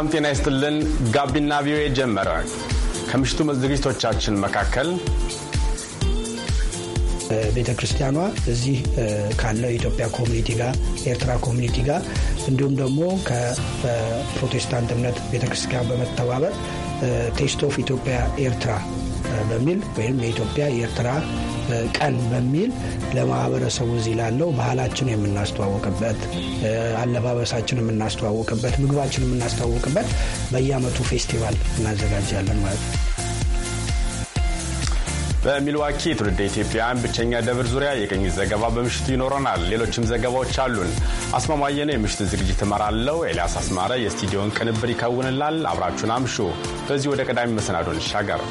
ሰላም ጤና ይስጥልን። ጋቢና ቪኦኤ ጀመረ። ከምሽቱ ዝግጅቶቻችን መካከል ቤተ ክርስቲያኗ እዚህ ካለው የኢትዮጵያ ኮሚኒቲ ጋር ኤርትራ ኮሚኒቲ ጋር እንዲሁም ደግሞ ከፕሮቴስታንት እምነት ቤተ ክርስቲያን በመተባበር ቴስት ኦፍ ኢትዮጵያ ኤርትራ በሚል ወይም የኢትዮጵያ የኤርትራ ቀን በሚል ለማህበረሰቡ እዚህ ላለው ባህላችን የምናስተዋወቅበት፣ አለባበሳችን የምናስተዋወቅበት፣ ምግባችን የምናስተዋወቅበት በየዓመቱ ፌስቲቫል እናዘጋጃለን ማለት ነው። በሚልዋኪ ትውልደ ኢትዮጵያውያን ብቸኛ ደብር ዙሪያ የቅኝ ዘገባ በምሽቱ ይኖረናል። ሌሎችም ዘገባዎች አሉን። አስማማየ ነው ዝግጅት እመራለሁ። ኤልያስ አስማረ የስቱዲዮን ቅንብር ይከውንላል። አብራችሁን አምሹ። በዚህ ወደ ቀዳሚ መሰናዶ እንሻገር።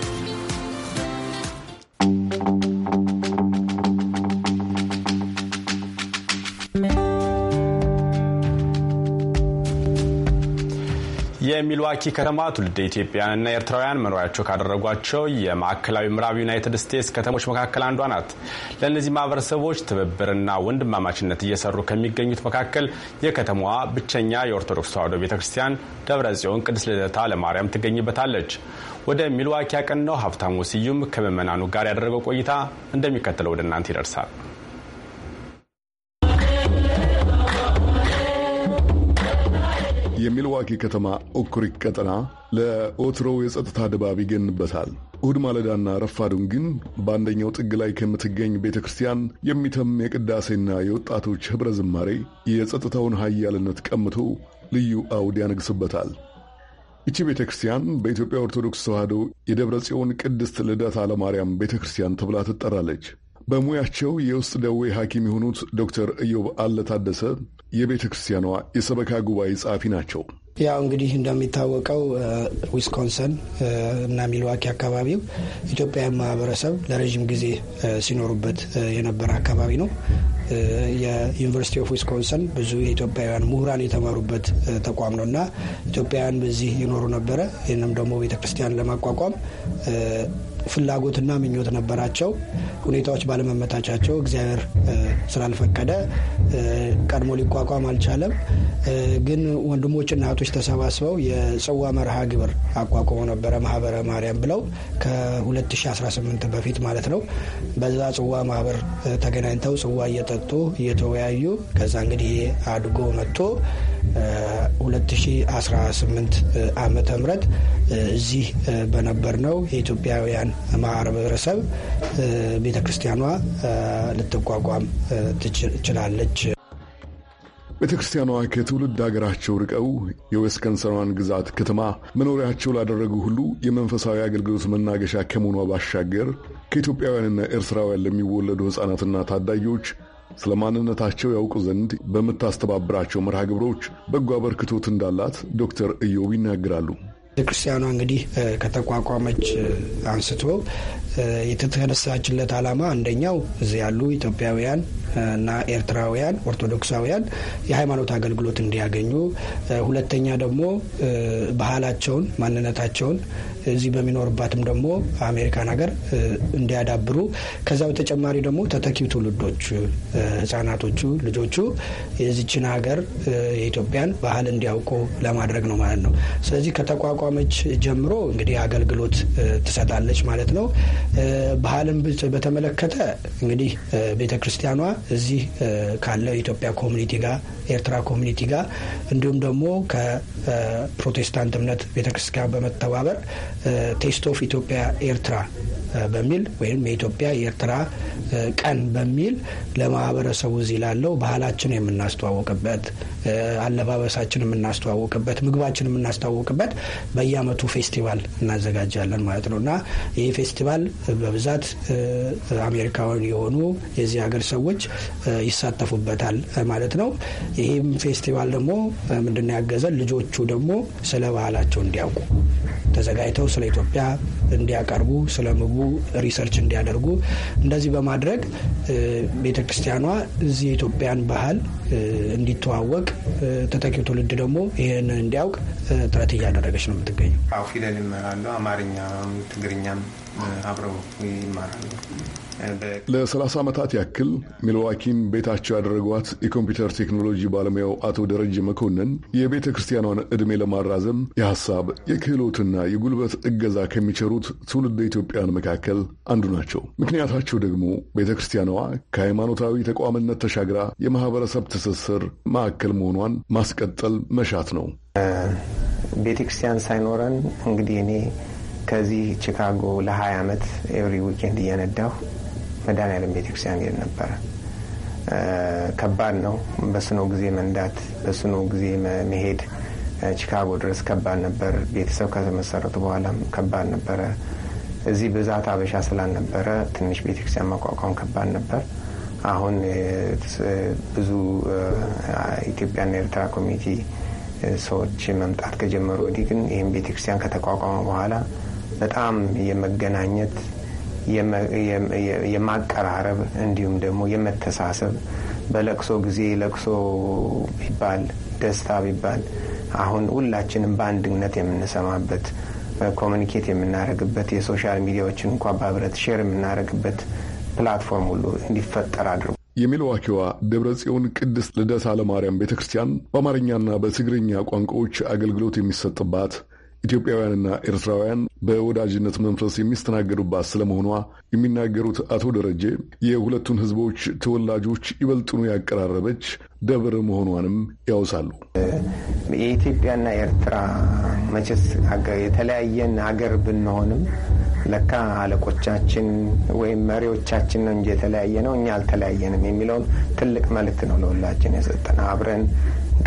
የሚልዋኪ ከተማ ትውልደ ኢትዮጵያውያንና ኤርትራውያን መኖሪያቸው ካደረጓቸው የማዕከላዊ ምዕራብ ዩናይትድ ስቴትስ ከተሞች መካከል አንዷ ናት። ለእነዚህ ማህበረሰቦች ትብብርና ወንድማማችነት እየሰሩ ከሚገኙት መካከል የከተማዋ ብቸኛ የኦርቶዶክስ ተዋህዶ ቤተ ክርስቲያን ደብረ ጽዮን ቅድስት ልደታ ለማርያም ትገኝበታለች። ወደ ሚልዋኪ ያቀናው ሀብታሙ ስዩም ከምዕመናኑ ጋር ያደረገው ቆይታ እንደሚከተለው ወደ እናንተ ይደርሳል። የሚልዋኪ ከተማ ኦክሪክ ቀጠና ለኦትሮው የጸጥታ ድባብ ይገንበታል። እሁድ ማለዳና ረፋዱን ግን በአንደኛው ጥግ ላይ ከምትገኝ ቤተ ክርስቲያን የሚተም የቅዳሴና የወጣቶች ኅብረ ዝማሬ የጸጥታውን ኃያልነት ቀምቶ ልዩ አውድ ያነግስበታል። ይቺ ቤተ ክርስቲያን በኢትዮጵያ ኦርቶዶክስ ተዋሕዶ የደብረ ጽዮን ቅድስት ልደታ ለማርያም ቤተ ክርስቲያን ተብላ ትጠራለች። በሙያቸው የውስጥ ደዌ ሐኪም የሆኑት ዶክተር ኢዮብ አለታደሰ የቤተ ክርስቲያኗ የሰበካ ጉባኤ ጸሐፊ ናቸው። ያው እንግዲህ እንደሚታወቀው ዊስኮንሰን እና ሚልዋኪ አካባቢው ኢትዮጵያውያን ማህበረሰብ ለረዥም ጊዜ ሲኖሩበት የነበረ አካባቢ ነው። የዩኒቨርሲቲ ኦፍ ዊስኮንሰን ብዙ የኢትዮጵያውያን ምሁራን የተማሩበት ተቋም ነው እና ኢትዮጵያውያን በዚህ ይኖሩ ነበረ። ይህንም ደግሞ ቤተክርስቲያን ለማቋቋም ፍላጎትና ምኞት ነበራቸው። ሁኔታዎች ባለመመታቻቸው እግዚአብሔር ስላልፈቀደ ቀድሞ ሊቋቋም አልቻለም። ግን ወንድሞችና እህቶች ተሰባስበው የጽዋ መርሃ ግብር አቋቁመው ነበረ ማህበረ ማርያም ብለው ከ2018 በፊት ማለት ነው። በዛ ጽዋ ማህበር ተገናኝተው ጽዋ እየጠጡ እየተወያዩ ከዛ እንግዲህ አድጎ መጥቶ 2018 ዓመተ ምህረት እዚህ በነበር ነው የኢትዮጵያውያን ማህበረሰብ ቤተ ክርስቲያኗ ልትቋቋም ትችላለች። ቤተ ክርስቲያኗ ከትውልድ ሀገራቸው ርቀው የዌስከንሰኗን ግዛት ከተማ መኖሪያቸው ላደረጉ ሁሉ የመንፈሳዊ አገልግሎት መናገሻ ከመሆኗ ባሻገር ከኢትዮጵያውያንና ኤርትራውያን ለሚወለዱ ሕፃናትና ታዳጊዎች ስለ ማንነታቸው ያውቁ ዘንድ በምታስተባብራቸው መርሃ ግብሮች በጎ አበርክቶት እንዳላት ዶክተር እዮብ ይናገራሉ። ቤተክርስቲያኗ እንግዲህ ከተቋቋመች አንስቶ የተተነሳችለት ዓላማ አንደኛው እዚህ ያሉ ኢትዮጵያውያን እና ኤርትራውያን ኦርቶዶክሳውያን የሃይማኖት አገልግሎት እንዲያገኙ፣ ሁለተኛ ደግሞ ባህላቸውን፣ ማንነታቸውን እዚህ በሚኖርባትም ደግሞ አሜሪካን ሀገር እንዲያዳብሩ፣ ከዛ በተጨማሪ ደግሞ ተተኪው ትውልዶች ህጻናቶቹ፣ ልጆቹ የዚችን ሀገር የኢትዮጵያን ባህል እንዲያውቁ ለማድረግ ነው ማለት ነው። ስለዚህ ከተቋቋ ከተቋቋመች ጀምሮ እንግዲህ አገልግሎት ትሰጣለች ማለት ነው። ባህልን በተመለከተ እንግዲህ ቤተ ክርስቲያኗ እዚህ ካለው የኢትዮጵያ ኮሚኒቲ ጋር ኤርትራ ኮሚኒቲ ጋር እንዲሁም ደግሞ ከፕሮቴስታንት እምነት ክርስቲያን በመተባበር ቴስት ኦፍ ኢትዮጵያ ኤርትራ በሚል ወይም የኢትዮጵያ የኤርትራ ቀን በሚል ለማህበረሰቡ እዚህ ላለው ባህላችን የምናስተዋወቅበት፣ አለባበሳችን የምናስተዋወቅበት፣ ምግባችን የምናስተዋወቅበት በየአመቱ ፌስቲቫል እናዘጋጃለን ማለት ነው እና ይህ ፌስቲቫል በብዛት አሜሪካውያን የሆኑ የዚህ ሀገር ሰዎች ይሳተፉበታል ማለት ነው። ይህም ፌስቲቫል ደግሞ ምንድነው ያገዘን ልጆቹ ደግሞ ስለ ባህላቸው እንዲያውቁ ተዘጋጅተው ስለ ኢትዮጵያ እንዲያቀርቡ፣ ስለ ምግቡ ሪሰርች እንዲያደርጉ እንደዚህ በማድረግ ቤተ ክርስቲያኗ እዚህ የኢትዮጵያን ባህል እንዲተዋወቅ ተተኪው ትውልድ ደግሞ ይህን እንዲያውቅ ጥረት እያደረገች ነው የምትገኘው። ፊደል ይመራሉ። አማርኛ ትግርኛም አብረው ይማራሉ። ለ30 ዓመታት ያክል ሚልዋኪን ቤታቸው ያደረጓት የኮምፒውተር ቴክኖሎጂ ባለሙያው አቶ ደረጀ መኮንን የቤተ ክርስቲያኗን ዕድሜ ለማራዘም የሐሳብ የክህሎትና የጉልበት እገዛ ከሚቸሩት ትውልደ ኢትዮጵያን መካከል አንዱ ናቸው። ምክንያታቸው ደግሞ ቤተ ክርስቲያኗ ከሃይማኖታዊ ተቋምነት ተሻግራ የማህበረሰብ ትስስር ማዕከል መሆኗን ማስቀጠል መሻት ነው። uh, ቤተ ክርስቲያን ሳይኖረን እንግዲህ እኔ ከዚህ ቺካጎ ለ20 ዓመት ኤቭሪ ዊኬንድ እየነዳሁ መድኃኔዓለም ቤተክርስቲያን ሄድ ነበረ። ከባድ ነው። በስኖ ጊዜ መንዳት፣ በስኖ ጊዜ መሄድ ቺካጎ ድረስ ከባድ ነበር። ቤተሰብ ከተመሰረቱ በኋላም ከባድ ነበረ። እዚህ ብዛት አበሻ ስላልነበረ ትንሽ ቤተክርስቲያን ማቋቋም ከባድ ነበር። አሁን ብዙ ኢትዮጵያና ኤርትራ ኮሚቴ ሰዎች መምጣት ከጀመሩ ወዲህ ግን ይህም ቤተክርስቲያን ከተቋቋመ በኋላ በጣም የመገናኘት የማቀራረብ እንዲሁም ደግሞ የመተሳሰብ በለቅሶ ጊዜ ለቅሶ ቢባል ደስታ ቢባል አሁን ሁላችንም በአንድነት የምንሰማበት ኮሚኒኬት የምናደርግበት የሶሻል ሚዲያዎችን እንኳ በህብረት ሼር የምናደርግበት ፕላትፎርም ሁሉ እንዲፈጠር አድርጉ። የሚልዋኪዋ ደብረ ጽዮን ቅድስት ልደታ ለማርያም ቤተ ክርስቲያን በአማርኛና በትግርኛ ቋንቋዎች አገልግሎት የሚሰጥባት ኢትዮጵያውያንና ኤርትራውያን በወዳጅነት መንፈስ የሚስተናገዱባት ስለመሆኗ የሚናገሩት አቶ ደረጀ የሁለቱን ሕዝቦች ተወላጆች ይበልጥኑ ያቀራረበች ደብር መሆኗንም ያውሳሉ። የኢትዮጵያና ኤርትራ መቼስ የተለያየን አገር ብንሆንም ለካ አለቆቻችን ወይም መሪዎቻችን ነው እንጂ የተለያየ ነው፣ እኛ አልተለያየንም የሚለውን ትልቅ መልእክት ነው ለሁላችን የሰጠን አብረን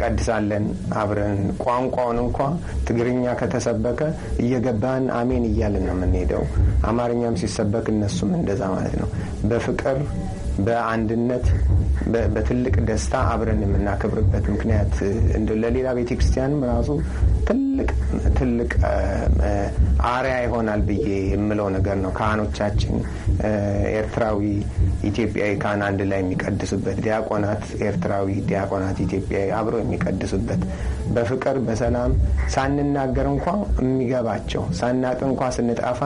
ቀድሳለን አብረን ቋንቋውን እንኳ ትግርኛ ከተሰበከ እየገባን አሜን እያለን ነው የምንሄደው። አማርኛም ሲሰበክ እነሱም እንደዛ ማለት ነው። በፍቅር በአንድነት በትልቅ ደስታ አብረን የምናከብርበት ምክንያት ለሌላ ቤተ ክርስቲያንም ራሱ ትልቅ ትልቅ አሪያ ይሆናል ብዬ የምለው ነገር ነው። ካህኖቻችን ኤርትራዊ፣ ኢትዮጵያዊ ካህን አንድ ላይ የሚቀድሱበት፣ ዲያቆናት ኤርትራዊ፣ ዲያቆናት ኢትዮጵያዊ አብረው የሚቀድሱበት በፍቅር በሰላም ሳንናገር እንኳ የሚገባቸው ሳናቅ እንኳ ስንጣፋ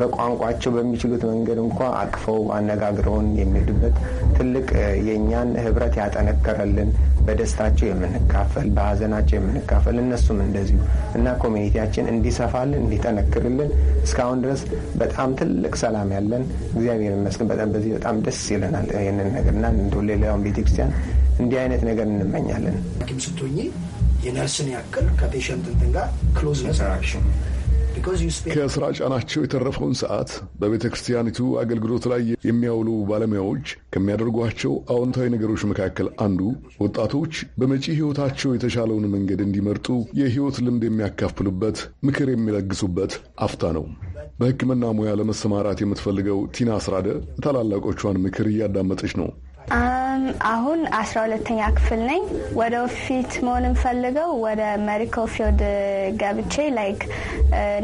በቋንቋቸው በሚችሉት መንገድ እንኳ አቅፈው አነጋግረውን የሚሄዱበት ትልቅ የእኛን ህብረት ያጠነከረልን በደስታቸው የምንካፈል በሀዘናቸው የምንካፈል እነሱም እንደዚሁ እና ኮሚኒቲያችን እንዲሰፋልን እንዲጠነክርልን እስካሁን ድረስ በጣም ትልቅ ሰላም ያለን እግዚአብሔር ይመስገን። በጣም በዚህ በጣም ደስ ይለናል ይህንን ነገርና እና ሌላውን ቤተክርስቲያን እንዲህ አይነት ነገር እንመኛለን። ሐኪም ስትሆኚ የነርስን ያክል ከፔሸንት እንትን ጋር ክሎዝ ኢንተራክሽን ከስራ ጫናቸው የተረፈውን ሰዓት በቤተ ክርስቲያኒቱ አገልግሎት ላይ የሚያውሉ ባለሙያዎች ከሚያደርጓቸው አዎንታዊ ነገሮች መካከል አንዱ ወጣቶች በመጪ ሕይወታቸው የተሻለውን መንገድ እንዲመርጡ የሕይወት ልምድ የሚያካፍሉበት፣ ምክር የሚለግሱበት አፍታ ነው። በሕክምና ሙያ ለመሰማራት የምትፈልገው ቲና አስራደ ታላላቆቿን ምክር እያዳመጠች ነው። Um, አሁን አስራ ሁለተኛ ክፍል ነኝ። ወደ መሆን የምፈልገው ወደ ሜዲካል ፊልድ uh, ገብቼ ላይክ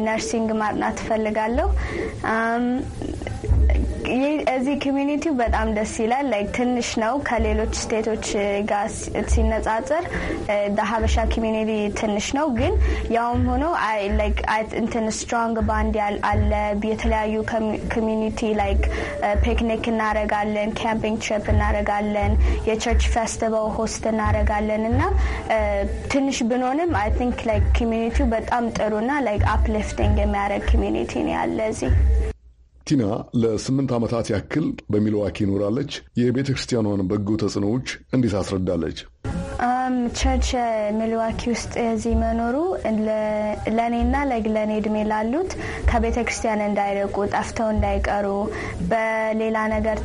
ነርሲንግ uh, ማጥናት እፈልጋለሁ። um, እዚህ ኮሚኒቲው በጣም ደስ ይላል። ላይክ ትንሽ ነው ከሌሎች ስቴቶች ጋር ሲነጻጽር ሀበሻ ኮሚኒቲ ትንሽ ነው። ግን ያውም ሆኖ እንትን ስትሮንግ ባንድ አለ። የተለያዩ ኮሚኒቲ ላይክ ፒክኒክ እናረጋለን፣ ካምፒንግ ትሪፕ እናረጋለን፣ የቸርች ፌስቲቫል ሆስት እናረጋለን እና uh, ትንሽ ብንሆንም አይ ቲንክ ላይክ ኮሚኒቲው በጣም ጥሩና ላይክ አፕሊፍቲንግ የሚያደርግ ኮሚኒቲ ነው ያለ እዚህ ቲና ለስምንት ዓመታት ያክል በሚልዋኪ ኖራለች። የቤተ ክርስቲያኗን በጎ ተጽዕኖዎች እንዴት አስረዳለች? በጣም ቸርች ሚልዋኪ ውስጥ እዚህ መኖሩ ለእኔና ለግለኔ እድሜ ላሉት ከቤተ ክርስቲያን እንዳይርቁ ጠፍተው እንዳይቀሩ በሌላ ነገር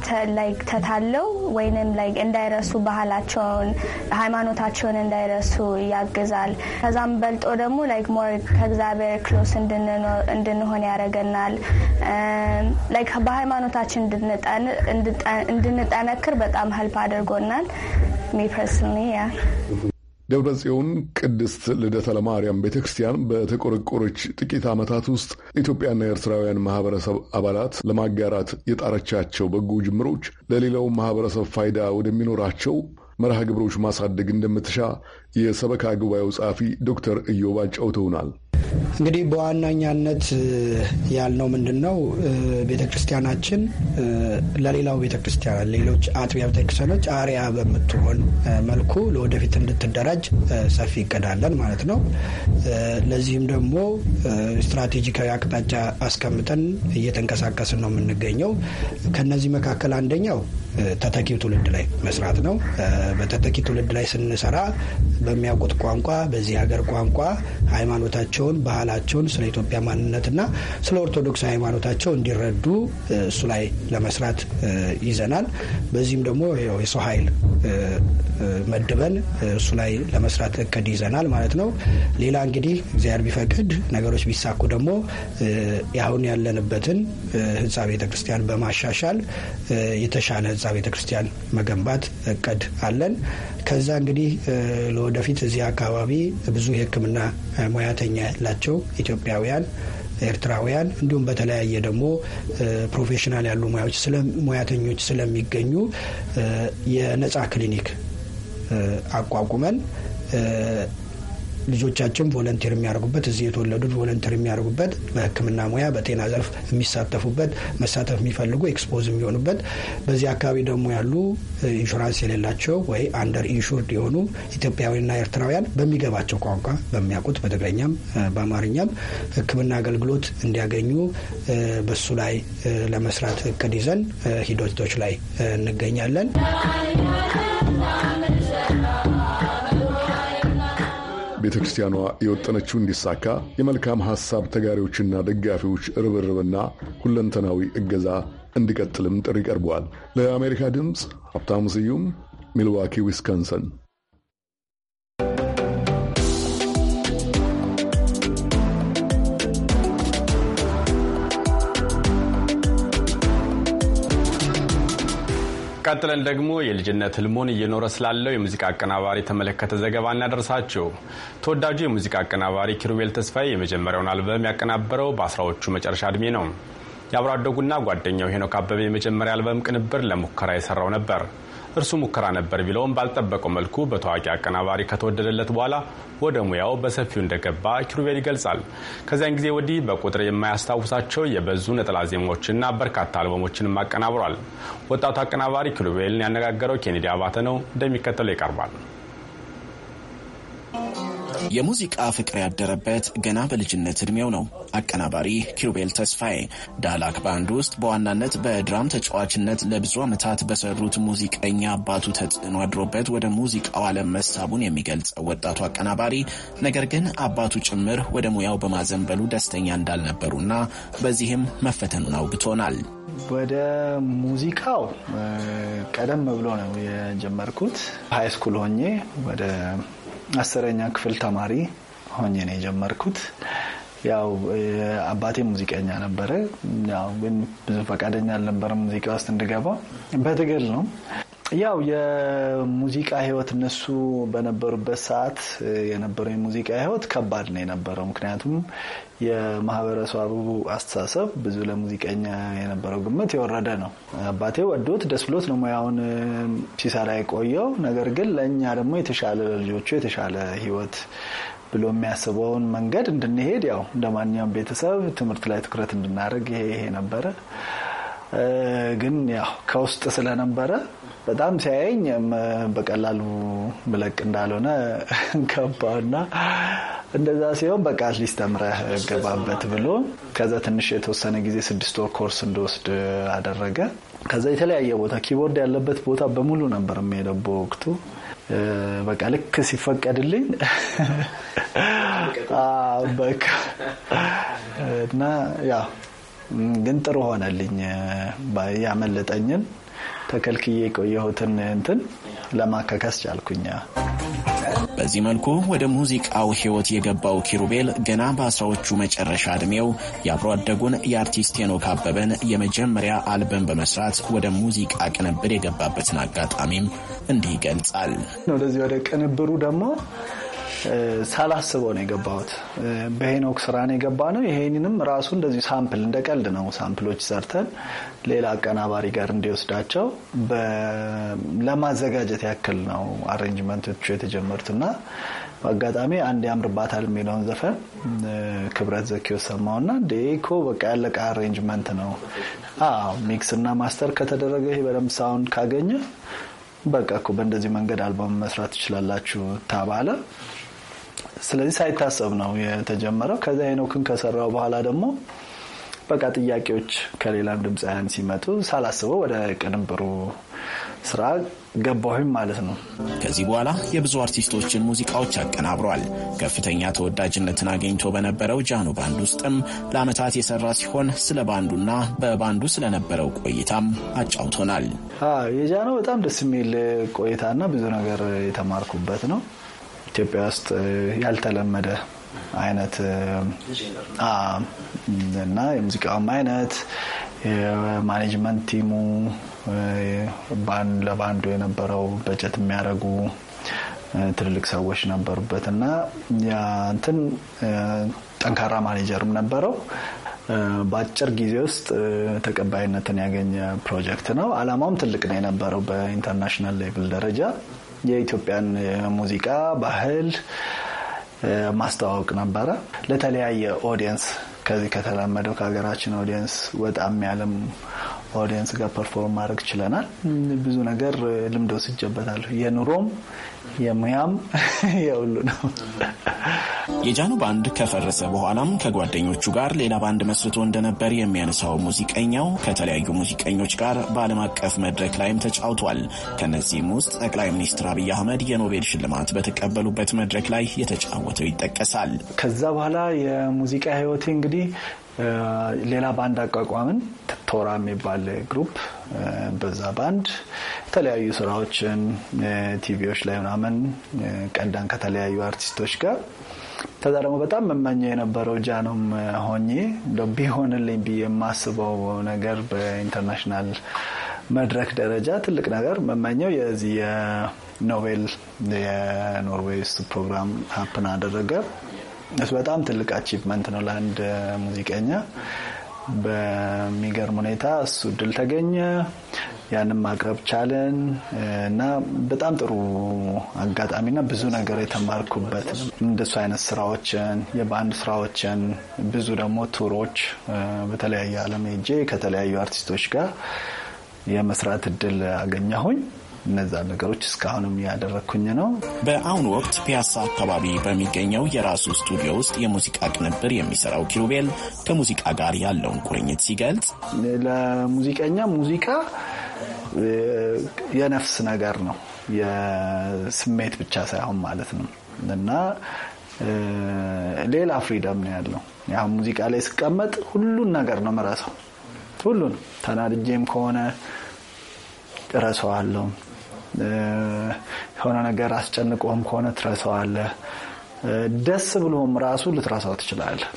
ተታለው ወይንም እንዳይረሱ ባህላቸውን፣ ሃይማኖታቸውን እንዳይረሱ ያግዛል። ከዛም በልጦ ደግሞ ላይክ ሞር ከእግዚአብሔር ክሎስ እንድንሆን ያደረገናል። ላይክ በሃይማኖታችን እንድንጠነክር በጣም ህልፕ አድርጎናል። ሚ ፐርስናሊ ያ ደብረ ጽዮን ቅድስት ልደተ ለማርያም ቤተ ክርስቲያን በተቆረቆረች ጥቂት ዓመታት ውስጥ ኢትዮጵያና ኤርትራውያን ማህበረሰብ አባላት ለማጋራት የጣረቻቸው በጎ ጅምሮች ለሌላው ማህበረሰብ ፋይዳ ወደሚኖራቸው መርሃ ግብሮች ማሳደግ እንደምትሻ የሰበካ ጉባኤው ጸሐፊ ዶክተር ኢዮብ እንግዲህ በዋናኛነት ያልነው ምንድን ነው ቤተ ክርስቲያናችን ለሌላው ቤተ ክርስቲያን ሌሎች አጥቢያ ቤተ ክርስቲያኖች በምትሆን መልኩ ለወደፊት እንድትደራጅ ሰፊ ይቀዳለን ማለት ነው። ለዚህም ደግሞ ስትራቴጂካዊ አቅጣጫ አስቀምጠን እየተንቀሳቀስን ነው የምንገኘው። ከነዚህ መካከል አንደኛው ተተኪ ትውልድ ላይ መስራት ነው። በተተኪ ትውልድ ላይ ስንሰራ በሚያውቁት ቋንቋ፣ በዚህ ሀገር ቋንቋ ሃይማኖታቸውን ባህላቸውን፣ ስለ ኢትዮጵያ ማንነትና ስለ ኦርቶዶክስ ሃይማኖታቸው እንዲረዱ እሱ ላይ ለመስራት ይዘናል። በዚህም ደግሞ የሰው ኃይል መድበን እሱ ላይ ለመስራት እቅድ ይዘናል ማለት ነው። ሌላ እንግዲህ እግዚአብሔር ቢፈቅድ ነገሮች ቢሳኩ ደግሞ አሁን ያለንበትን ህንፃ ቤተ ክርስቲያን በማሻሻል የተሻለ ህንፃ ቤተ ክርስቲያን መገንባት እቅድ አለን። ከዛ እንግዲህ ለወደፊት እዚህ አካባቢ ብዙ የሕክምና ሙያተኛ ያላቸው ኢትዮጵያውያን ኤርትራውያን እንዲሁም በተለያየ ደግሞ ፕሮፌሽናል ያሉ ሙያዎች ሙያተኞች ስለሚገኙ የነጻ ክሊኒክ አቋቁመን ልጆቻችን ቮለንቲር የሚያደርጉበት እዚህ የተወለዱት ቮለንቲር የሚያደርጉበት በሕክምና ሙያ በጤና ዘርፍ የሚሳተፉበት መሳተፍ የሚፈልጉ ኤክስፖዝ የሚሆኑበት በዚህ አካባቢ ደግሞ ያሉ ኢንሹራንስ የሌላቸው ወይ አንደር ኢንሹርድ የሆኑ ኢትዮጵያውያንና ኤርትራውያን በሚገባቸው ቋንቋ በሚያውቁት በትግረኛም በአማርኛም ሕክምና አገልግሎት እንዲያገኙ በሱ ላይ ለመስራት እቅድ ይዘን ሂደቶች ላይ እንገኛለን። ቤተ ክርስቲያኗ የወጠነችው እንዲሳካ የመልካም ሐሳብ ተጋሪዎችና ደጋፊዎች ርብርብና ሁለንተናዊ እገዛ እንዲቀጥልም ጥሪ ቀርበዋል። ለአሜሪካ ድምፅ ሀብታሙ ስዩም ሚልዋኪ ዊስኮንሰን ቀጥለን ደግሞ የልጅነት ህልሞን እየኖረ ስላለው የሙዚቃ አቀናባሪ የተመለከተ ዘገባ እናደርሳችሁ ተወዳጁ የሙዚቃ አቀናባሪ ኪሩቤል ተስፋዬ የመጀመሪያውን አልበም ያቀናበረው በአስራዎቹ መጨረሻ እድሜ ነው። የአብሮ አደጉና ጓደኛው ሄኖክ አበበ የመጀመሪያ አልበም ቅንብር ለሙከራ የሰራው ነበር። እርሱ ሙከራ ነበር ቢለውም ባልጠበቀው መልኩ በታዋቂ አቀናባሪ ከተወደደለት በኋላ ወደ ሙያው በሰፊው እንደገባ ኪሩቤል ይገልጻል። ከዚያን ጊዜ ወዲህ በቁጥር የማያስታውሳቸው የበዙ ነጠላ ዜማዎችና በርካታ አልበሞችንም አቀናብሯል። ወጣቱ አቀናባሪ ኪሩቤልን ያነጋገረው ኬኔዲ አባተ ነው፣ እንደሚከተለው ይቀርባል። የሙዚቃ ፍቅር ያደረበት ገና በልጅነት እድሜው ነው። አቀናባሪ ኪሩቤል ተስፋዬ ዳላክ ባንድ ውስጥ በዋናነት በድራም ተጫዋችነት ለብዙ ዓመታት በሰሩት ሙዚቀኛ አባቱ ተጽዕኖ አድሮበት ወደ ሙዚቃው ዓለም መሳቡን የሚገልጸው ወጣቱ አቀናባሪ ነገር ግን አባቱ ጭምር ወደ ሙያው በማዘንበሉ ደስተኛ እንዳልነበሩና በዚህም መፈተኑን አውግቶናል። ወደ ሙዚቃው ቀደም ብሎ ነው የጀመርኩት ሃይስኩል ሆኜ ወደ አስረኛ ክፍል ተማሪ ሆኜ ነው የጀመርኩት። ያው አባቴ ሙዚቀኛ ነበረ። ያው ግን ብዙ ፈቃደኛ አልነበረም ሙዚቃ ውስጥ እንድገባ በትግል ነው ያው የሙዚቃ ህይወት እነሱ በነበሩበት ሰዓት የነበረው የሙዚቃ ህይወት ከባድ ነው የነበረው። ምክንያቱም የማህበረሰቡ አስተሳሰብ ብዙ ለሙዚቀኛ የነበረው ግምት የወረደ ነው። አባቴ ወዶት ደስ ብሎት ነው ሙያውን ሲሰራ የቆየው። ነገር ግን ለእኛ ደግሞ የተሻለ ለልጆቹ የተሻለ ህይወት ብሎ የሚያስበውን መንገድ እንድንሄድ ያው እንደ ማንኛውም ቤተሰብ ትምህርት ላይ ትኩረት እንድናደርግ ይሄ ይሄ ነበረ። ግን ያው ከውስጥ ስለነበረ በጣም ሲያየኝ በቀላሉ ምለቅ እንዳልሆነ ገባውና እንደዛ ሲሆን በቃ አትሊስት ተምረህ ገባበት ብሎ ከዛ ትንሽ የተወሰነ ጊዜ ስድስት ወር ኮርስ እንደወስድ አደረገ። ከዛ የተለያየ ቦታ ኪቦርድ ያለበት ቦታ በሙሉ ነበር የሚሄደው በወቅቱ በቃ ልክ ሲፈቀድልኝ በቃ እና ያ ግን ጥሩ ሆነልኝ ያመለጠኝን ተከልክዬ የቆየሁትን እንትን ለማካከስ ቻልኩኛ። በዚህ መልኩ ወደ ሙዚቃው ህይወት የገባው ኪሩቤል ገና በአስራዎቹ መጨረሻ ዕድሜው የአብሮ አደጉን የአርቲስት ሄኖክ አበበን የመጀመሪያ አልበም በመስራት ወደ ሙዚቃ ቅንብር የገባበትን አጋጣሚም እንዲህ ይገልጻል። ወደዚህ ወደ ቅንብሩ ደግሞ ሳላስበው ነው የገባሁት። በሄኖክ ስራ ነው የገባ ነው። ይሄንንም ራሱ እንደዚህ ሳምፕል እንደ ቀልድ ነው ሳምፕሎች ሰርተን ሌላ አቀናባሪ ጋር እንዲወስዳቸው ለማዘጋጀት ያክል ነው አሬንጅመንቶቹ የተጀመሩትና በአጋጣሚ አንድ ያምርባታል የሚለውን ዘፈን ክብረት ዘኪ ሰማውና ዴኮ በቃ ያለቀ አሬንጅመንት ነው። ሚክስ እና ማስተር ከተደረገ ይሄ በደምብ ሳውንድ ካገኘ በቃ እኮ በእንደዚህ መንገድ አልበም መስራት ትችላላችሁ ተባለ። ስለዚህ ሳይታሰብ ነው የተጀመረው። ከዚያ ሄኖክን ከሰራው በኋላ ደግሞ በቃ ጥያቄዎች ከሌላም ድምፃውያን ሲመጡ ሳላስበው ወደ ቅንብሩ ስራ ገባሁም ማለት ነው። ከዚህ በኋላ የብዙ አርቲስቶችን ሙዚቃዎች አቀናብሯል። ከፍተኛ ተወዳጅነትን አግኝቶ በነበረው ጃኖ ባንድ ውስጥም ለአመታት የሰራ ሲሆን ስለ ባንዱና በባንዱ ስለነበረው ቆይታም አጫውቶናል። የጃኖ በጣም ደስ የሚል ቆይታና ብዙ ነገር የተማርኩበት ነው። ኢትዮጵያ ውስጥ ያልተለመደ አይነት እና የሙዚቃውም አይነት የማኔጅመንት ቲሙ ለባንዱ የነበረው በጀት የሚያደርጉ ትልልቅ ሰዎች ነበሩበት እና እንትን ጠንካራ ማኔጀርም ነበረው። በአጭር ጊዜ ውስጥ ተቀባይነትን ያገኘ ፕሮጀክት ነው። አላማውም ትልቅ ነው የነበረው በኢንተርናሽናል ሌቭል ደረጃ የኢትዮጵያን ሙዚቃ ባህል ማስተዋወቅ ነበረ ለተለያየ ኦዲየንስ ከዚህ ከተለመደው ከሀገራችን ኦዲየንስ ወጣም ያለም ኦዲየንስ ጋር ፐርፎርም ማድረግ ችለናል። ብዙ ነገር ልምድ ወስጄበታለሁ። የኑሮም የሙያም የሁሉ ነው። የጃኑ ባንድ ከፈረሰ በኋላም ከጓደኞቹ ጋር ሌላ ባንድ መስርቶ እንደነበር የሚያነሳው ሙዚቀኛው ከተለያዩ ሙዚቀኞች ጋር በዓለም አቀፍ መድረክ ላይም ተጫውቷል። ከነዚህም ውስጥ ጠቅላይ ሚኒስትር አብይ አህመድ የኖቤል ሽልማት በተቀበሉበት መድረክ ላይ የተጫወተው ይጠቀሳል። ከዛ በኋላ የሙዚቃ ህይወቴ እንግዲህ ሌላ ባንድ አቋቋምን። ቶራ የሚባል ግሩፕ በዛ ባንድ የተለያዩ ስራዎችን ቲቪዎች ላይ ምናምን ቀዳን ከተለያዩ አርቲስቶች ጋር። ከዛ ደግሞ በጣም መመኘው የነበረው ጃኖም ሆኜ ቢሆንልኝ ብዬ የማስበው ነገር በኢንተርናሽናል መድረክ ደረጃ ትልቅ ነገር መመኘው የዚህ የኖቤል የኖርዌይ ውስጥ ፕሮግራም ሀፕን አደረገ። እሱ በጣም ትልቅ አቺቭመንት ነው ለአንድ ሙዚቀኛ። በሚገርም ሁኔታ እሱ እድል ተገኘ፣ ያንም ማቅረብ ቻለን እና በጣም ጥሩ አጋጣሚና ብዙ ነገር የተማርኩበት እንደሱ አይነት ስራዎችን የባንድ ስራዎችን ብዙ ደግሞ ቱሮች በተለያየ ዓለም ሄጄ ከተለያዩ አርቲስቶች ጋር የመስራት እድል አገኘሁኝ። እነዛ ነገሮች እስካሁንም ያደረግኩኝ ነው። በአሁኑ ወቅት ፒያሳ አካባቢ በሚገኘው የራሱ ስቱዲዮ ውስጥ የሙዚቃ ቅንብር የሚሰራው ኪሩቤል ከሙዚቃ ጋር ያለውን ቁርኝት ሲገልጽ ለሙዚቀኛ ሙዚቃ የነፍስ ነገር ነው፣ የስሜት ብቻ ሳይሆን ማለት ነው እና ሌላ ፍሪደም ነው ያለው። ያ ሙዚቃ ላይ ስቀመጥ ሁሉን ነገር ነው ምረሳው። ሁሉን ተናድጄም ከሆነ እረሳዋለሁ። የሆነ ነገር አስጨንቆም ከሆነ ትረሳዋለህ። ደስ ብሎም ራሱ ልትረሳው ትችላለህ።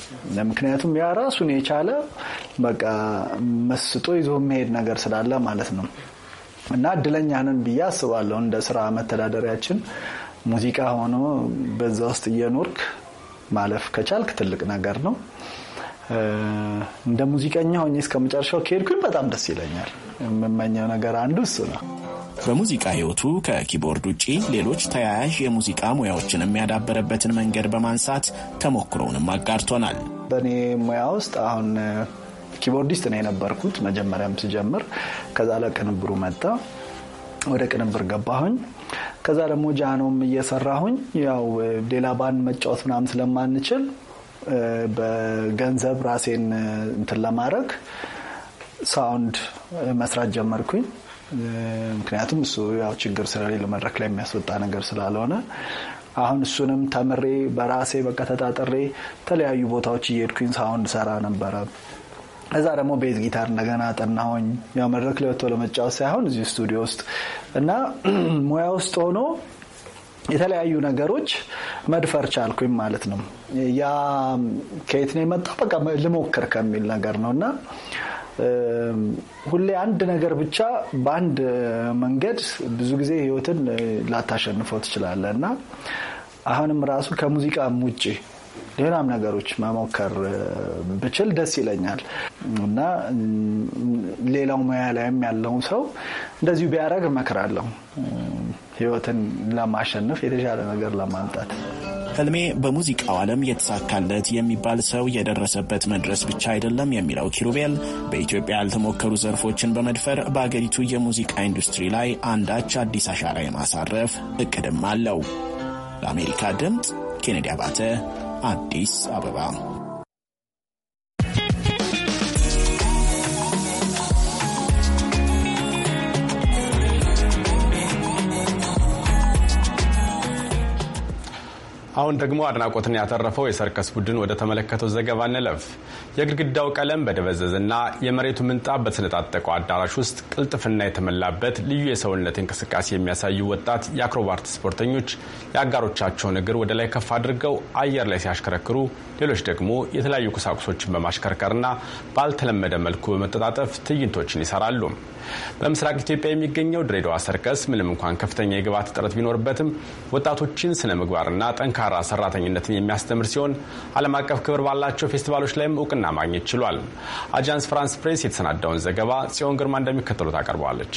ምክንያቱም ያ ራሱን የቻለ በቃ መስጦ ይዞ የሚሄድ ነገር ስላለ ማለት ነው። እና እድለኛንን ብዬ አስባለሁ። እንደ ስራ መተዳደሪያችን ሙዚቃ ሆኖ በዛ ውስጥ እየኖርክ ማለፍ ከቻልክ ትልቅ ነገር ነው። እንደ ሙዚቀኛ ሆኜ እስከ መጨረሻው ከሄድኩኝ በጣም ደስ ይለኛል። የምመኘው ነገር አንዱ እሱ ነው። በሙዚቃ ህይወቱ ከኪቦርድ ውጪ ሌሎች ተያያዥ የሙዚቃ ሙያዎችን የሚያዳበረበትን መንገድ በማንሳት ተሞክሮውንም አጋርቶናል። በእኔ ሙያ ውስጥ አሁን ኪቦርዲስት ነው የነበርኩት መጀመሪያም ስጀምር። ከዛ ለቅንብሩ መጣ ወደ ቅንብር ገባሁኝ። ከዛ ደግሞ ጃኖም እየሰራሁኝ ያው ሌላ ባንድ መጫወት ምናምን ስለማንችል በገንዘብ ራሴን እንትን ለማድረግ ሳውንድ መስራት ጀመርኩኝ። ምክንያቱም እሱ ያው ችግር ስለሌለው መድረክ ላይ የሚያስወጣ ነገር ስላልሆነ አሁን እሱንም ተምሬ በራሴ በቃ ተጣጥሬ የተለያዩ ቦታዎች እየሄድኩኝ ሳውንድ ሰራ ነበረ። እዛ ደግሞ ቤዝ ጊታር እንደገና ጠናሆኝ ያው መድረክ ላይ ወጥቶ ለመጫወት ሳይሆን እዚህ ስቱዲዮ ውስጥ እና ሙያ ውስጥ ሆኖ የተለያዩ ነገሮች መድፈር ቻልኩኝ ማለት ነው። ያ ከየት ነው የመጣው? በቃ ልሞክር ከሚል ነገር ነው እና ሁሌ አንድ ነገር ብቻ በአንድ መንገድ ብዙ ጊዜ ህይወትን ላታሸንፈው ትችላለ እና አሁንም ራሱ ከሙዚቃም ውጭ ሌላም ነገሮች መሞከር ብችል ደስ ይለኛል። እና ሌላው ሙያ ላይም ያለውን ሰው እንደዚሁ ቢያደርግ እመክራለሁ። ህይወትን ለማሸነፍ የተሻለ ነገር ለማምጣት ህልሜ በሙዚቃው ዓለም የተሳካለት የሚባል ሰው የደረሰበት መድረስ ብቻ አይደለም የሚለው ኪሩቤል በኢትዮጵያ ያልተሞከሩ ዘርፎችን በመድፈር በአገሪቱ የሙዚቃ ኢንዱስትሪ ላይ አንዳች አዲስ አሻራ የማሳረፍ እቅድም አለው። ለአሜሪካ ድምፅ ኬኔዲ አባተ አዲስ አበባ አሁን ደግሞ አድናቆትን ያተረፈው የሰርከስ ቡድን ወደ ተመለከተው ዘገባ እንለፍ። የግድግዳው ቀለም በደበዘዘና የመሬቱ ምንጣፍ በተነጣጠቀው አዳራሽ ውስጥ ቅልጥፍና የተሞላበት ልዩ የሰውነት እንቅስቃሴ የሚያሳዩ ወጣት የአክሮባርት ስፖርተኞች የአጋሮቻቸውን እግር ወደ ላይ ከፍ አድርገው አየር ላይ ሲያሽከረክሩ፣ ሌሎች ደግሞ የተለያዩ ቁሳቁሶችን በማሽከርከርና ባልተለመደ መልኩ በመጠጣጠፍ ትዕይንቶችን ይሰራሉ። በምስራቅ ኢትዮጵያ የሚገኘው ድሬዳዋ ሰርከስ ምንም እንኳን ከፍተኛ የግብዓት እጥረት ቢኖርበትም ወጣቶችን ስነ ምግባርና ጠንካራ ሰራተኝነትን የሚያስተምር ሲሆን ዓለም አቀፍ ክብር ባላቸው ፌስቲቫሎች ላይም እውቅና ማግኘት ችሏል። አጃንስ ፍራንስ ፕሬስ የተሰናዳውን ዘገባ ጽዮን ግርማ እንደሚከተሉት አቀርበዋለች።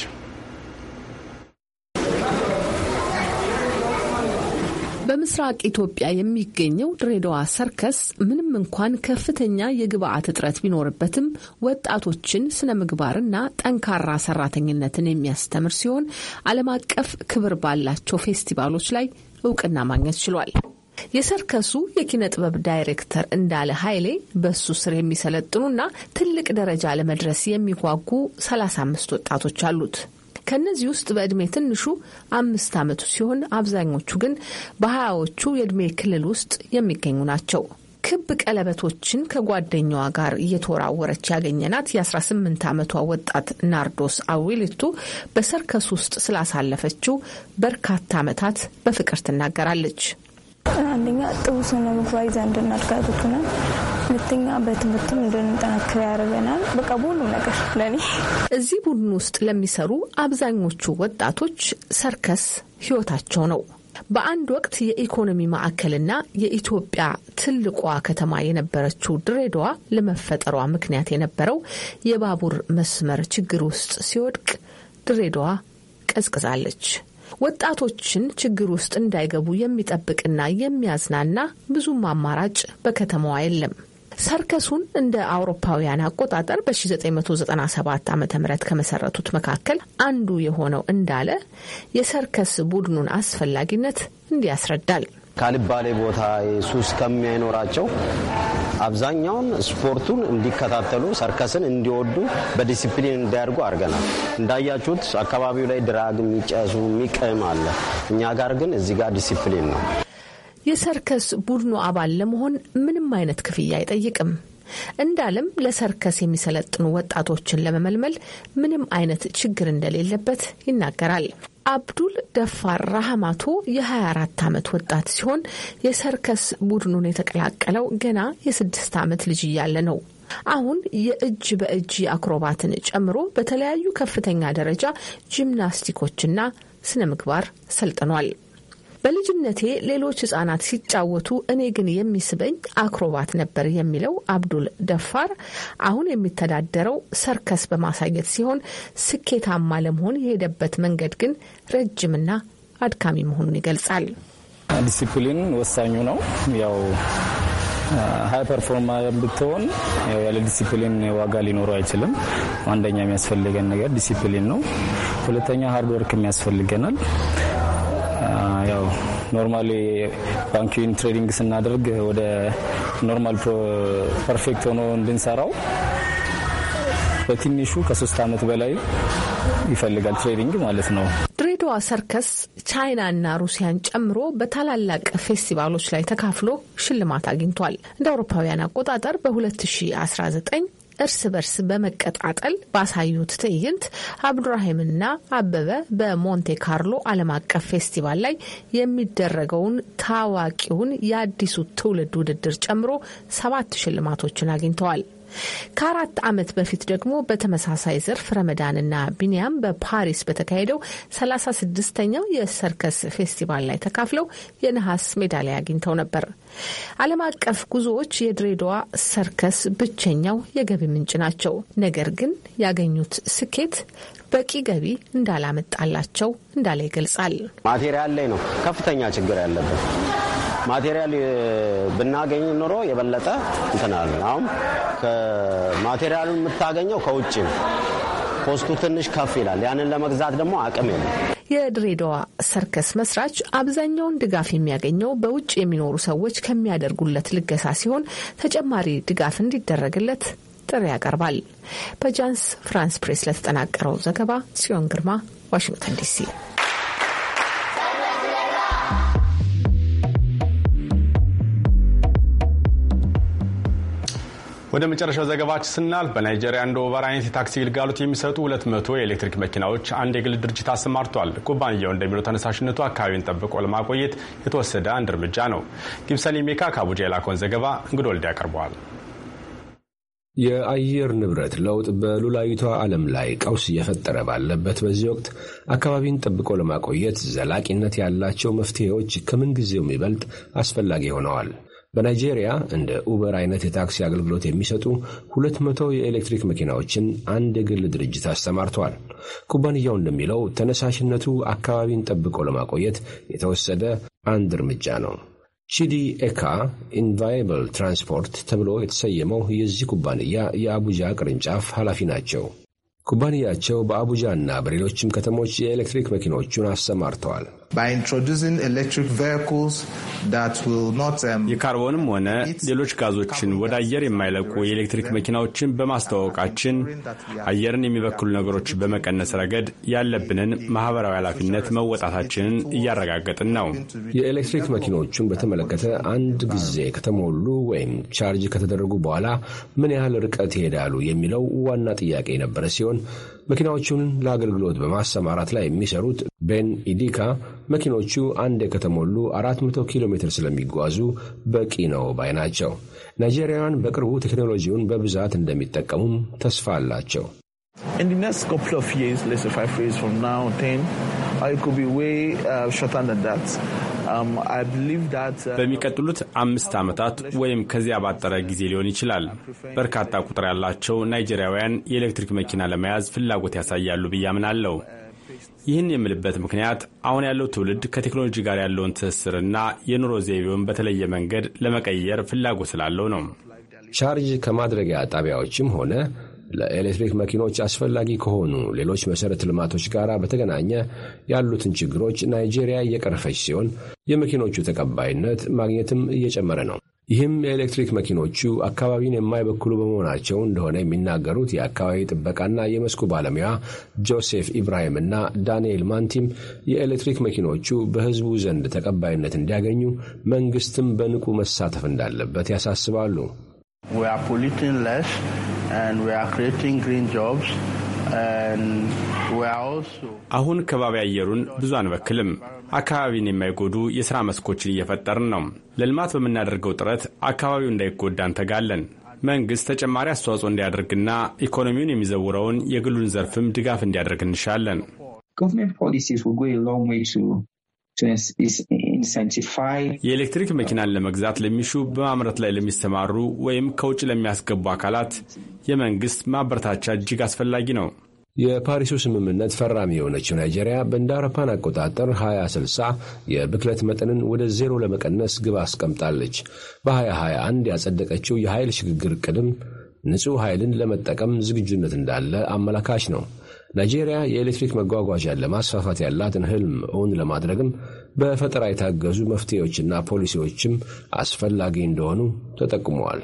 በምስራቅ ኢትዮጵያ የሚገኘው ድሬዳዋ ሰርከስ ምንም እንኳን ከፍተኛ የግብአት እጥረት ቢኖርበትም ወጣቶችን ስነ ምግባርና ጠንካራ ሰራተኝነትን የሚያስተምር ሲሆን ዓለም አቀፍ ክብር ባላቸው ፌስቲቫሎች ላይ እውቅና ማግኘት ችሏል። የሰርከሱ የኪነ ጥበብ ዳይሬክተር እንዳለ ኃይሌ በሱ ስር የሚሰለጥኑና ትልቅ ደረጃ ለመድረስ የሚጓጉ 35 ወጣቶች አሉት። ከእነዚህ ውስጥ በዕድሜ ትንሹ አምስት ዓመቱ ሲሆን አብዛኞቹ ግን በሀያዎቹ የዕድሜ ክልል ውስጥ የሚገኙ ናቸው። ክብ ቀለበቶችን ከጓደኛዋ ጋር እየተወራወረች ያገኘናት የ18 ዓመቷ ወጣት ናርዶስ አዊልቱ በሰርከስ ውስጥ ስላሳለፈችው በርካታ ዓመታት በፍቅር ትናገራለች። አንደኛ ጥሩ ስነ ምግባር ይዘን እንድናድግ ያደርጉናል። ሁለተኛ በትምህርትም እንድንጠናክር ያደርገናል። በቃ በሁሉም ነገር ለእኔ እዚህ ቡድን ውስጥ ለሚሰሩ አብዛኞቹ ወጣቶች ሰርከስ ህይወታቸው ነው። በአንድ ወቅት የኢኮኖሚ ማዕከልና የኢትዮጵያ ትልቋ ከተማ የነበረችው ድሬዳዋ ለመፈጠሯ ምክንያት የነበረው የባቡር መስመር ችግር ውስጥ ሲወድቅ ድሬዳዋ ቀዝቅዛለች። ወጣቶችን ችግር ውስጥ እንዳይገቡ የሚጠብቅና የሚያዝናና ብዙም አማራጭ በከተማዋ የለም። ሰርከሱን እንደ አውሮፓውያን አቆጣጠር በ1997 ዓ ም ከመሰረቱት መካከል አንዱ የሆነው እንዳለ የሰርከስ ቡድኑን አስፈላጊነት እንዲያስረዳል። ካልባሌ ቦታ ሱስ ከሚያይኖራቸው አብዛኛውን ስፖርቱን እንዲከታተሉ ሰርከስን እንዲወዱ በዲሲፕሊን እንዲያደርጉ አድርገናል። እንዳያችሁት አካባቢው ላይ ድራግ የሚጨሱ የሚቀም አለ። እኛ ጋር ግን እዚህ ጋር ዲሲፕሊን ነው። የሰርከስ ቡድኑ አባል ለመሆን ምንም አይነት ክፍያ አይጠይቅም። እንዳለም ለሰርከስ የሚሰለጥኑ ወጣቶችን ለመመልመል ምንም አይነት ችግር እንደሌለበት ይናገራል። አብዱል ደፋር ራህማቶ የ24 ዓመት ወጣት ሲሆን የሰርከስ ቡድኑን የተቀላቀለው ገና የስድስት ዓመት ልጅ እያለ ነው። አሁን የእጅ በእጅ አክሮባትን ጨምሮ በተለያዩ ከፍተኛ ደረጃ ጂምናስቲኮችና ስነ ምግባር ሰልጥኗል። በልጅነቴ ሌሎች ህጻናት ሲጫወቱ እኔ ግን የሚስበኝ አክሮባት ነበር የሚለው አብዱል ደፋር አሁን የሚተዳደረው ሰርከስ በማሳየት ሲሆን ስኬታማ ለመሆን የሄደበት መንገድ ግን ረጅምና አድካሚ መሆኑን ይገልጻል። ዲሲፕሊን ወሳኙ ነው። ያው ሀይ ፐርፎርማ ብትሆን ያለ ዲሲፕሊን ዋጋ ሊኖረው አይችልም። አንደኛ የሚያስፈልገን ነገር ዲሲፕሊን ነው። ሁለተኛ ሀርድ ወርክ የሚያስፈልገናል። ያው ኖርማሊ ባንኪን ትሬዲንግ ስናደርግ ወደ ኖርማል ፐርፌክት ሆኖ እንድንሰራው በትንሹ ከሶስት ዓመት በላይ ይፈልጋል ትሬዲንግ ማለት ነው። ድሬዳዋ ሰርከስ ቻይናና ሩሲያን ጨምሮ በታላላቅ ፌስቲቫሎች ላይ ተካፍሎ ሽልማት አግኝቷል። እንደ አውሮፓውያን አቆጣጠር በ2019 እርስ በርስ በመቀጣጠል ባሳዩት ትዕይንት አብዱራሂምና አበበ በሞንቴ ካርሎ ዓለም አቀፍ ፌስቲቫል ላይ የሚደረገውን ታዋቂውን የአዲሱ ትውልድ ውድድር ጨምሮ ሰባት ሽልማቶችን አግኝተዋል። ከአራት ዓመት በፊት ደግሞ በተመሳሳይ ዘርፍ ረመዳንና ቢንያም በፓሪስ በተካሄደው ሰላሳ ስድስተኛው የሰርከስ ፌስቲቫል ላይ ተካፍለው የነሐስ ሜዳሊያ አግኝተው ነበር። ዓለም አቀፍ ጉዞዎች የድሬዳዋ ሰርከስ ብቸኛው የገቢ ምንጭ ናቸው። ነገር ግን ያገኙት ስኬት በቂ ገቢ እንዳላመጣላቸው እንዳለ ይገልጻል። ማቴሪያል ላይ ነው ከፍተኛ ችግር ያለበት። ማቴሪያል ብናገኝ ኖሮ የበለጠ እንትናል። አሁን ማቴሪያሉን የምታገኘው ከውጭ ነው። ኮስቱ ትንሽ ከፍ ይላል። ያንን ለመግዛት ደግሞ አቅም የለም። የድሬዳዋ ሰርከስ መስራች አብዛኛውን ድጋፍ የሚያገኘው በውጭ የሚኖሩ ሰዎች ከሚያደርጉለት ልገሳ ሲሆን ተጨማሪ ድጋፍ እንዲደረግለት ጥሪ ያቀርባል። በጃንስ ፍራንስ ፕሬስ ለተጠናቀረው ዘገባ ጽዮን ግርማ፣ ዋሽንግተን ዲሲ። ወደ መጨረሻው ዘገባችን ስናልፍ በናይጄሪያ እንደ ኦቨር አይነት የታክሲ ግልጋሎት የሚሰጡ 200 የኤሌክትሪክ መኪናዎች አንድ የግል ድርጅት አሰማርቷል። ኩባንያው እንደሚለው ተነሳሽነቱ አካባቢን ጠብቆ ለማቆየት የተወሰደ አንድ እርምጃ ነው። ጊብሰን ሜካ ከአቡጃ የላከውን ዘገባ እንግዶ ወልድ ያቀርበዋል። የአየር ንብረት ለውጥ በሉላዊቷ ዓለም ላይ ቀውስ እየፈጠረ ባለበት በዚህ ወቅት አካባቢን ጠብቆ ለማቆየት ዘላቂነት ያላቸው መፍትሄዎች ከምንጊዜውም የሚበልጥ አስፈላጊ ሆነዋል። በናይጄሪያ እንደ ኡበር አይነት የታክሲ አገልግሎት የሚሰጡ 200 የኤሌክትሪክ መኪናዎችን አንድ የግል ድርጅት አስተማርተዋል። ኩባንያው እንደሚለው ተነሳሽነቱ አካባቢን ጠብቆ ለማቆየት የተወሰደ አንድ እርምጃ ነው። ቺዲ ኤካ ኢንቫይብል ትራንስፖርት ተብሎ የተሰየመው የዚህ ኩባንያ የአቡጃ ቅርንጫፍ ኃላፊ ናቸው። ኩባንያቸው በአቡጃ እና በሌሎችም ከተሞች የኤሌክትሪክ መኪኖቹን አሰማርተዋል። um, የካርቦንም ሆነ ሌሎች ጋዞችን ወደ አየር የማይለቁ የኤሌክትሪክ መኪናዎችን በማስተዋወቃችን አየርን የሚበክሉ ነገሮች በመቀነስ ረገድ ያለብንን ማህበራዊ ኃላፊነት መወጣታችንን እያረጋገጥን ነው። የኤሌክትሪክ መኪኖቹን በተመለከተ አንድ ጊዜ ከተሞሉ ወይም ቻርጅ ከተደረጉ በኋላ ምን ያህል ርቀት ይሄዳሉ የሚለው ዋና ጥያቄ የነበረ ሲሆን መኪናዎቹን ለአገልግሎት በማሰማራት ላይ የሚሰሩት ቤን ኢዲካ መኪኖቹ አንዴ ከተሞሉ 400 ኪሎ ሜትር ስለሚጓዙ በቂ ነው ባይ ናቸው። ናይጄሪያውያን በቅርቡ ቴክኖሎጂውን በብዛት እንደሚጠቀሙም ተስፋ አላቸው። In the next couple of years, let's say five years from now, ten, it could be way uh, shorter than that. Um, uh, በሚቀጥሉት አምስት ዓመታት ወይም ከዚያ ባጠረ ጊዜ ሊሆን ይችላል። በርካታ ቁጥር ያላቸው ናይጄሪያውያን የኤሌክትሪክ መኪና ለመያዝ ፍላጎት ያሳያሉ ብዬ አምናለሁ። uh, ይህን የምልበት ምክንያት አሁን ያለው ትውልድ ከቴክኖሎጂ ጋር ያለውን ትስስርና የኑሮ ዘይቤውን በተለየ መንገድ ለመቀየር ፍላጎት ስላለው ነው። ቻርጅ ከማድረጊያ ጣቢያዎችም ሆነ ለኤሌክትሪክ መኪኖች አስፈላጊ ከሆኑ ሌሎች መሠረተ ልማቶች ጋር በተገናኘ ያሉትን ችግሮች ናይጄሪያ እየቀረፈች ሲሆን የመኪኖቹ ተቀባይነት ማግኘትም እየጨመረ ነው። ይህም የኤሌክትሪክ መኪኖቹ አካባቢን የማይበክሉ በመሆናቸው እንደሆነ የሚናገሩት የአካባቢ ጥበቃና የመስኩ ባለሙያ ጆሴፍ እና ዳንኤል ማንቲም የኤሌክትሪክ መኪኖቹ በሕዝቡ ዘንድ ተቀባይነት እንዲያገኙ መንግስትም በንቁ መሳተፍ እንዳለበት ያሳስባሉ። አሁን ከባቢ አየሩን ብዙ አንበክልም። አካባቢን የማይጎዱ የሥራ መስኮችን እየፈጠርን ነው። ለልማት በምናደርገው ጥረት አካባቢው እንዳይጎዳ እንተጋለን። መንግሥት ተጨማሪ አስተዋጽኦ እንዲያደርግና ኢኮኖሚውን የሚዘውረውን የግሉን ዘርፍም ድጋፍ እንዲያደርግ እንሻለን። የኤሌክትሪክ መኪናን ለመግዛት ለሚሹ በማምረት ላይ ለሚሰማሩ ወይም ከውጭ ለሚያስገቡ አካላት የመንግስት ማበረታቻ እጅግ አስፈላጊ ነው። የፓሪሱ ስምምነት ፈራሚ የሆነችው ናይጄሪያ በእንደ አውሮፓን አቆጣጠር 2060 የብክለት መጠንን ወደ ዜሮ ለመቀነስ ግብ አስቀምጣለች። በ2021 ያጸደቀችው የኃይል ሽግግር ቅድም ንጹሕ ኃይልን ለመጠቀም ዝግጁነት እንዳለ አመላካች ነው። ናይጄሪያ የኤሌክትሪክ መጓጓዣን ለማስፋፋት ያላትን ህልም እውን ለማድረግም በፈጠራ የታገዙ መፍትሄዎችና ፖሊሲዎችም አስፈላጊ እንደሆኑ ተጠቁመዋል።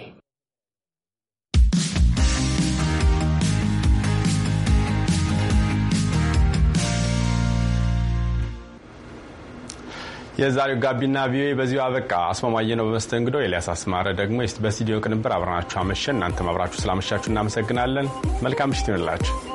የዛሬው ጋቢና ቪኦኤ በዚሁ አበቃ። አስማማየ ነው በመስተንግዶ፣ ኤልያስ አስማረ ደግሞ በስቱዲዮ ቅንብር አብረናችሁ አመሸን። እናንተ ማብራችሁ ስላመሻችሁ እናመሰግናለን። መልካም ምሽት ይሆንላችሁ።